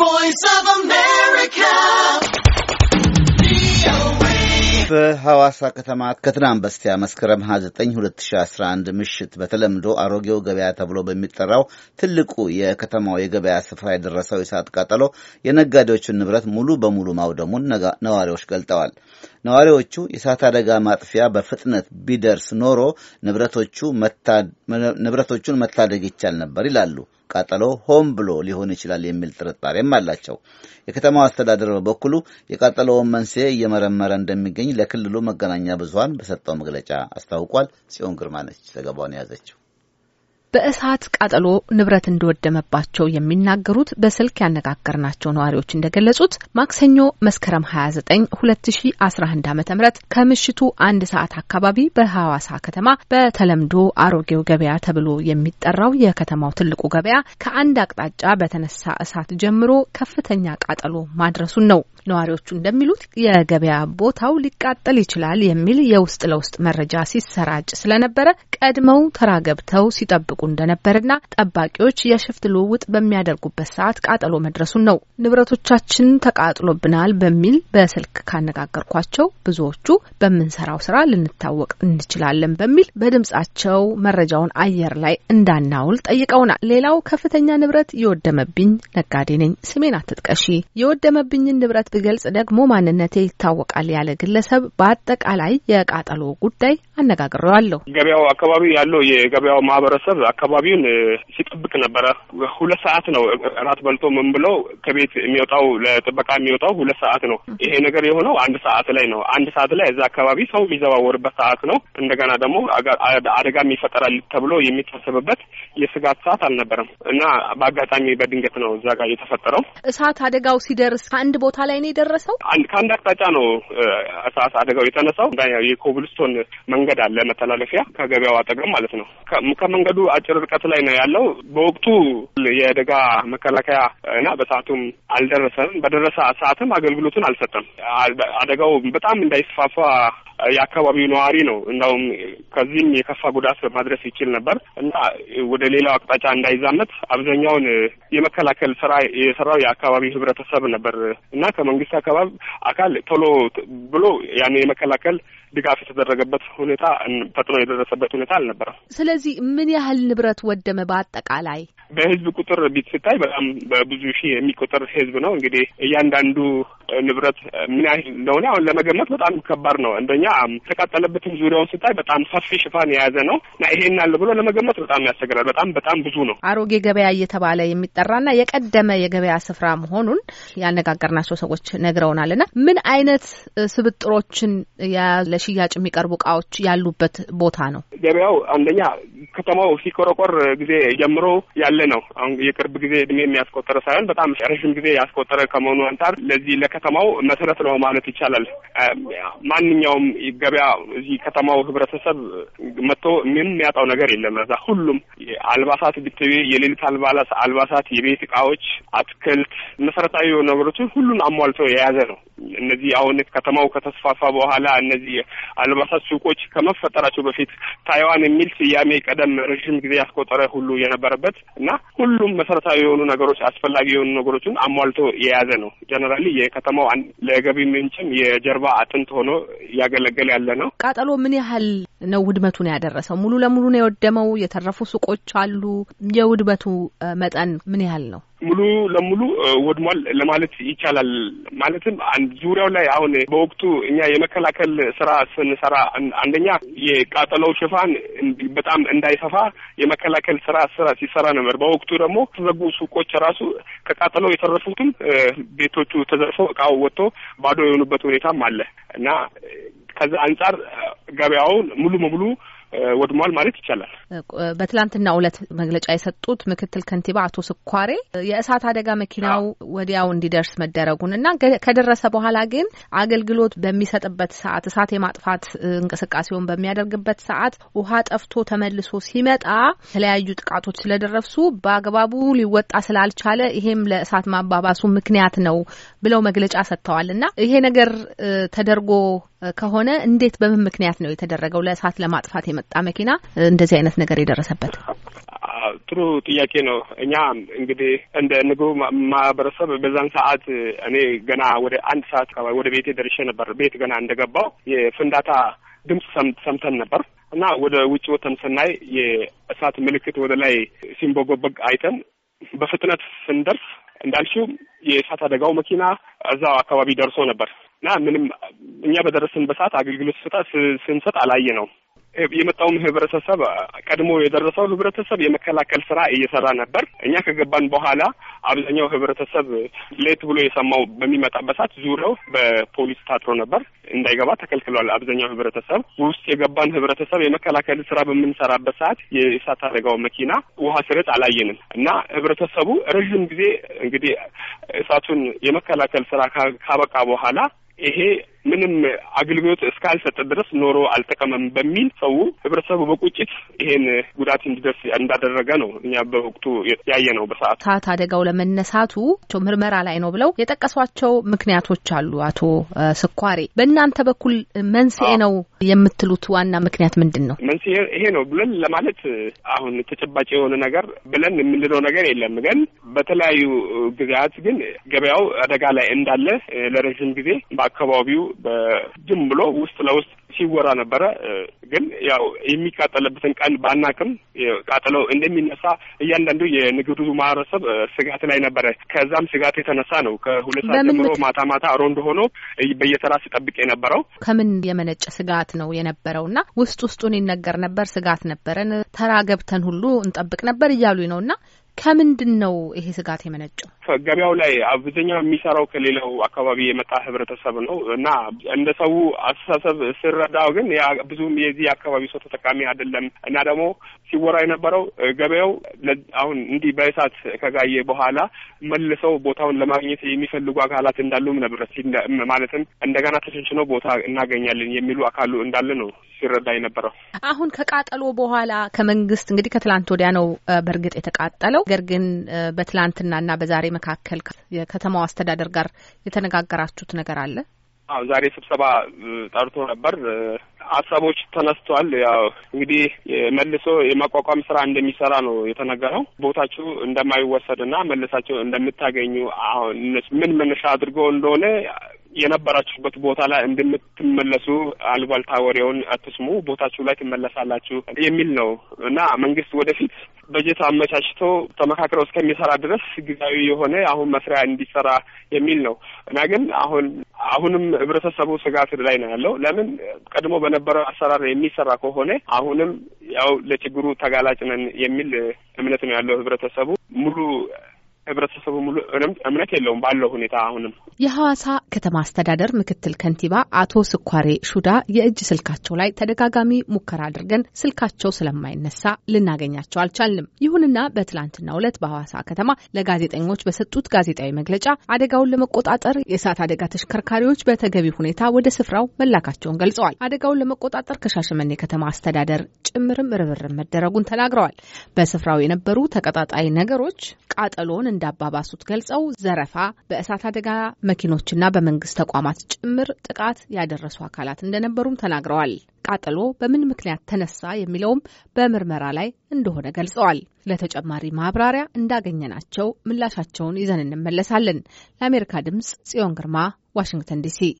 voice of America. በሐዋሳ ከተማ ከትናንት በስቲያ መስከረም 29 2011 ምሽት በተለምዶ አሮጌው ገበያ ተብሎ በሚጠራው ትልቁ የከተማው የገበያ ስፍራ የደረሰው የእሳት ቃጠሎ የነጋዴዎቹን ንብረት ሙሉ በሙሉ ማውደሙን ነዋሪዎች ገልጠዋል። ነዋሪዎቹ የእሳት አደጋ ማጥፊያ በፍጥነት ቢደርስ ኖሮ ንብረቶቹ መታ ንብረቶቹን መታደግ ይቻል ነበር ይላሉ። ቃጠሎ ሆን ብሎ ሊሆን ይችላል የሚል ጥርጣሬም አላቸው። የከተማው አስተዳደር በበኩሉ የቃጠሎውን መንስኤ እየመረመረ እንደሚገኝ ለክልሉ መገናኛ ብዙኃን በሰጠው መግለጫ አስታውቋል። ጽዮን ግርማ ነች ዘገባውን የያዘችው። በእሳት ቃጠሎ ንብረት እንደወደመባቸው የሚናገሩት በስልክ ያነጋገርናቸው ነዋሪዎች እንደገለጹት ማክሰኞ መስከረም 29 2011 ዓ ም ከምሽቱ አንድ ሰዓት አካባቢ በሐዋሳ ከተማ በተለምዶ አሮጌው ገበያ ተብሎ የሚጠራው የከተማው ትልቁ ገበያ ከአንድ አቅጣጫ በተነሳ እሳት ጀምሮ ከፍተኛ ቃጠሎ ማድረሱን ነው። ነዋሪዎቹ እንደሚሉት የገበያ ቦታው ሊቃጠል ይችላል የሚል የውስጥ ለውስጥ መረጃ ሲሰራጭ ስለነበረ ቀድመው ተራ ገብተው ሲጠብቁ እንደነበርና ጠባቂዎች የሽፍት ልውውጥ በሚያደርጉበት ሰዓት ቃጠሎ መድረሱን ነው። ንብረቶቻችን ተቃጥሎብናል በሚል በስልክ ካነጋገርኳቸው ብዙዎቹ በምንሰራው ስራ ልንታወቅ እንችላለን በሚል በድምጻቸው መረጃውን አየር ላይ እንዳናውል ጠይቀውናል። ሌላው ከፍተኛ ንብረት የወደመብኝ ነጋዴ ነኝ፣ ስሜን አትጥቀሺ፣ የወደመብኝን ንብረት ብገልጽ ደግሞ ማንነቴ ይታወቃል ያለ ግለሰብ በአጠቃላይ የቃጠሎ ጉዳይ አነጋግረዋለሁ። ገበያው አካባቢ ያለው የገበያው ማህበረሰብ አካባቢውን ሲጠብቅ ነበረ። ሁለት ሰዓት ነው እራት በልቶ ምን ብሎ ከቤት የሚወጣው ለጥበቃ የሚወጣው ሁለት ሰዓት ነው። ይሄ ነገር የሆነው አንድ ሰዓት ላይ ነው። አንድ ሰዓት ላይ እዛ አካባቢ ሰው የሚዘዋወርበት ሰዓት ነው። እንደገና ደግሞ አደጋም ይፈጠራል ተብሎ የሚታሰብበት የስጋት ሰዓት አልነበረም እና በአጋጣሚ በድንገት ነው እዛ ጋር የተፈጠረው እሳት። አደጋው ሲደርስ ከአንድ ቦታ ላይ ነው የደረሰው። ከአንድ አቅጣጫ ነው እሳት አደጋው የተነሳው የኮብልስቶን መንገድ አለ መተላለፊያ ከገበያው አጠገብ ማለት ነው። ከመንገዱ አጭር ርቀት ላይ ነው ያለው። በወቅቱ የአደጋ መከላከያ እና በሰዓቱም አልደረሰም። በደረሰ ሰዓትም አገልግሎቱን አልሰጠም። አደጋው በጣም እንዳይስፋፋ የአካባቢው ነዋሪ ነው። እንዳውም ከዚህም የከፋ ጉዳት ማድረስ ይችል ነበር እና ወደ ሌላው አቅጣጫ እንዳይዛመት አብዛኛውን የመከላከል ስራ የሰራው የአካባቢ ህብረተሰብ ነበር እና ከመንግስት አካባቢ አካል ቶሎ ብሎ ያን የመከላከል ድጋፍ የተደረገበት ሁኔታ ፈጥኖ የደረሰበት ሁኔታ አልነበረም። ስለዚህ ምን ያህል ንብረት ወደመ? በአጠቃላይ በህዝብ ቁጥር ቢት ስታይ በጣም በብዙ ሺህ የሚቆጠር ህዝብ ነው። እንግዲህ እያንዳንዱ ንብረት ምን ያህል እንደሆነ አሁን ለመገመት በጣም ከባድ ነው። አንደኛ የተቃጠለበትን ዙሪያውን ስታይ በጣም ሰፊ ሽፋን የያዘ ነው እና ይሄን አለ ብሎ ለመገመት በጣም ያስቸግራል። በጣም በጣም ብዙ ነው። አሮጌ ገበያ እየተባለ የሚጠራና የቀደመ የገበያ ስፍራ መሆኑን ያነጋገርናቸው ሰዎች ነግረውናል። እና ምን አይነት ስብጥሮችን ለሽያጭ የሚቀርቡ እቃዎች ያሉበት ቦታ ነው ገበያው? አንደኛ ከተማው ሲቆረቆር ጊዜ ጀምሮ ያለ ነው። አሁን የቅርብ ጊዜ እድሜ የሚያስቆጠረ ሳይሆን በጣም ረዥም ጊዜ ያስቆጠረ ከመሆኑ አንጻር ለዚህ ለከ ከተማው መሰረት ነው ማለት ይቻላል። ማንኛውም ገበያ እዚህ ከተማው ህብረተሰብ መጥቶ ምን የሚያጣው ነገር የለም። እዛ ሁሉም አልባሳት ብትቤ የሌሊት አልባላስ አልባሳት፣ የቤት እቃዎች፣ አትክልት፣ መሰረታዊ ነገሮችን ሁሉን አሟልቶ የያዘ ነው። እነዚህ አሁን ከተማው ከተስፋፋ በኋላ እነዚህ አልባሳት ሱቆች ከመፈጠራቸው በፊት ታይዋን የሚል ስያሜ ቀደም ረዥም ጊዜ ያስቆጠረ ሁሉ የነበረበት እና ሁሉም መሰረታዊ የሆኑ ነገሮች አስፈላጊ የሆኑ ነገሮችን አሟልቶ የያዘ ነው። ጀነራሊ የከተማው ለገቢ ምንጭም የጀርባ አጥንት ሆኖ እያገለገለ ያለ ነው። ቃጠሎ ምን ያህል ነው ውድመቱን ያደረሰው? ሙሉ ለሙሉ ነው የወደመው? የተረፉ ሱቆች አሉ? የውድመቱ መጠን ምን ያህል ነው? ሙሉ ለሙሉ ወድሟል ለማለት ይቻላል። ማለትም ዙሪያው ላይ አሁን በወቅቱ እኛ የመከላከል ስራ ስንሰራ አንደኛ የቃጠለው ሽፋን በጣም እንዳይሰፋ የመከላከል ስራ ስራ ሲሰራ ነበር። በወቅቱ ደግሞ ተዘጉ ሱቆች ራሱ ከቃጠለው የተረፉትም ቤቶቹ ተዘርፈው እቃው ወጥቶ ባዶ የሆኑበት ሁኔታም አለ እና ከዛ አንጻር ገበያውን ሙሉ በሙሉ ወድሟል ማለት ይቻላል። በትላንትና ዕለት መግለጫ የሰጡት ምክትል ከንቲባ አቶ ስኳሬ የእሳት አደጋ መኪናው ወዲያው እንዲደርስ መደረጉን እና ከደረሰ በኋላ ግን አገልግሎት በሚሰጥበት ሰዓት እሳት የማጥፋት እንቅስቃሴውን በሚያደርግበት ሰዓት ውሃ ጠፍቶ ተመልሶ ሲመጣ የተለያዩ ጥቃቶች ስለደረሱ በአግባቡ ሊወጣ ስላልቻለ ይሄም ለእሳት ማባባሱ ምክንያት ነው ብለው መግለጫ ሰጥተዋል እና ይሄ ነገር ተደርጎ ከሆነ እንዴት በምን ምክንያት ነው የተደረገው? ለእሳት ለማጥፋት የመጣ መኪና እንደዚህ አይነት ነገር የደረሰበት? ጥሩ ጥያቄ ነው። እኛ እንግዲህ እንደ ንግሩ ማህበረሰብ በዛን ሰዓት እኔ ገና ወደ አንድ ሰዓት አካባቢ ወደ ቤቴ ደርሼ ነበር። ቤት ገና እንደገባው የፍንዳታ ድምፅ ሰምተን ነበር እና ወደ ውጭ ወተን ስናይ የእሳት ምልክት ወደ ላይ ሲንቦጎበግ አይተን በፍጥነት ስንደርስ እንዳልሽው የእሳት አደጋው መኪና እዛው አካባቢ ደርሶ ነበር እና ምንም እኛ በደረስን በሰዓት አገልግሎት ስጠት ስንሰጥ አላየ ነው የመጣውም ህብረተሰብ ቀድሞ የደረሰው ህብረተሰብ የመከላከል ስራ እየሰራ ነበር። እኛ ከገባን በኋላ አብዛኛው ህብረተሰብ ሌት ብሎ የሰማው በሚመጣበት ሰዓት ዙሪያው በፖሊስ ታጥሮ ነበር፣ እንዳይገባ ተከልክሏል። አብዛኛው ህብረተሰብ ውስጥ የገባን ህብረተሰብ የመከላከል ስራ በምንሰራበት ሰዓት የእሳት አደጋው መኪና ውሃ ሲረጭ አላየንም እና ህብረተሰቡ ረዥም ጊዜ እንግዲህ እሳቱን የመከላከል ስራ ካበቃ በኋላ ይሄ ምንም አገልግሎት እስካልሰጠ ድረስ ኖሮ አልጠቀመም በሚል ሰው ህብረተሰቡ በቁጭት ይሄን ጉዳት እንዲደርስ እንዳደረገ ነው እኛ በወቅቱ ያየ ነው። በሰዓቱ እሳት አደጋው ለመነሳቱ ምርመራ ላይ ነው ብለው የጠቀሷቸው ምክንያቶች አሉ። አቶ ስኳሬ በእናንተ በኩል መንስኤ ነው የምትሉት ዋና ምክንያት ምንድን ነው? መንስኤ ይሄ ነው ብለን ለማለት አሁን ተጨባጭ የሆነ ነገር ብለን የምንለው ነገር የለም። ግን በተለያዩ ጊዜያት ግን ገበያው አደጋ ላይ እንዳለ ለረዥም ጊዜ በአካባቢው በጅም ብሎ ውስጥ ለውስጥ ሲወራ ነበረ። ግን ያው የሚቃጠለበትን ቀን ባናቅም ቃጠሎ እንደሚነሳ እያንዳንዱ የንግዱ ማህበረሰብ ስጋት ላይ ነበረ። ከዛም ስጋት የተነሳ ነው ከሁለት ሰዓት ጀምሮ ማታ ማታ ሮንዶ ሆኖ በየተራ ሲጠብቅ የነበረው። ከምን የመነጨ ስጋት ነው የነበረው? እና ውስጥ ውስጡን ይነገር ነበር፣ ስጋት ነበረን፣ ተራ ገብተን ሁሉ እንጠብቅ ነበር እያሉኝ ነው እና ከምንድን ነው ይሄ ስጋት የመነጨው? ገበያው ላይ አብዛኛው የሚሰራው ከሌላው አካባቢ የመጣ ህብረተሰብ ነው እና እንደ ሰው አስተሳሰብ ስረዳው ግን ብዙም የዚህ አካባቢ ሰው ተጠቃሚ አይደለም እና ደግሞ ሲወራ የነበረው ገበያው አሁን እንዲህ በእሳት ከጋየ በኋላ መልሰው ቦታውን ለማግኘት የሚፈልጉ አካላት እንዳሉም ነበር። ማለትም እንደገና ተሸንሽነው ቦታ እናገኛለን የሚሉ አካሉ እንዳለ ነው ሲረዳ የነበረው። አሁን ከቃጠሎ በኋላ ከመንግስት እንግዲህ ከትላንት ወዲያ ነው በእርግጥ የተቃጠለው የነበረው። ነገር ግን በትላንትናና በዛሬ መካከል የከተማው አስተዳደር ጋር የተነጋገራችሁት ነገር አለ? አዎ ዛሬ ስብሰባ ጠርቶ ነበር። ሀሳቦች ተነስተዋል። ያው እንግዲህ መልሶ የማቋቋም ስራ እንደሚሰራ ነው የተነገረው። ቦታችሁ እንደማይወሰድና መልሳቸው እንደምታገኙ አሁን ምን መነሻ አድርገው እንደሆነ የነበራችሁበት ቦታ ላይ እንደምትመለሱ አልቧልታ ወሬውን አትስሙ፣ ቦታችሁ ላይ ትመለሳላችሁ የሚል ነው እና መንግስት ወደፊት በጀት አመቻችቶ ተመካክረው እስከሚሰራ ድረስ ጊዜያዊ የሆነ አሁን መስሪያ እንዲሰራ የሚል ነው እና ግን አሁን አሁንም ህብረተሰቡ ስጋት ላይ ነው ያለው። ለምን ቀድሞ በነበረው አሰራር የሚሰራ ከሆነ አሁንም ያው ለችግሩ ተጋላጭ ነን የሚል እምነት ነው ያለው ህብረተሰቡ ሙሉ ህብረተሰቡ ሙሉ እምነት የለውም ባለው ሁኔታ። አሁንም የሐዋሳ ከተማ አስተዳደር ምክትል ከንቲባ አቶ ስኳሬ ሹዳ የእጅ ስልካቸው ላይ ተደጋጋሚ ሙከራ አድርገን ስልካቸው ስለማይነሳ ልናገኛቸው አልቻልንም። ይሁንና በትላንትናው ዕለት በሐዋሳ ከተማ ለጋዜጠኞች በሰጡት ጋዜጣዊ መግለጫ አደጋውን ለመቆጣጠር የእሳት አደጋ ተሽከርካሪዎች በተገቢ ሁኔታ ወደ ስፍራው መላካቸውን ገልጸዋል። አደጋውን ለመቆጣጠር ከሻሸመኔ ከተማ አስተዳደር ጭምርም ርብርብ መደረጉን ተናግረዋል። በስፍራው የነበሩ ተቀጣጣይ ነገሮች ቃጠሎን እንዳባባሱት ገልጸው ዘረፋ፣ በእሳት አደጋ መኪኖችና በመንግስት ተቋማት ጭምር ጥቃት ያደረሱ አካላት እንደነበሩም ተናግረዋል። ቃጠሎ በምን ምክንያት ተነሳ የሚለውም በምርመራ ላይ እንደሆነ ገልጸዋል። ለተጨማሪ ማብራሪያ እንዳገኘናቸው ምላሻቸውን ይዘን እንመለሳለን። ለአሜሪካ ድምጽ ጽዮን ግርማ ዋሽንግተን ዲሲ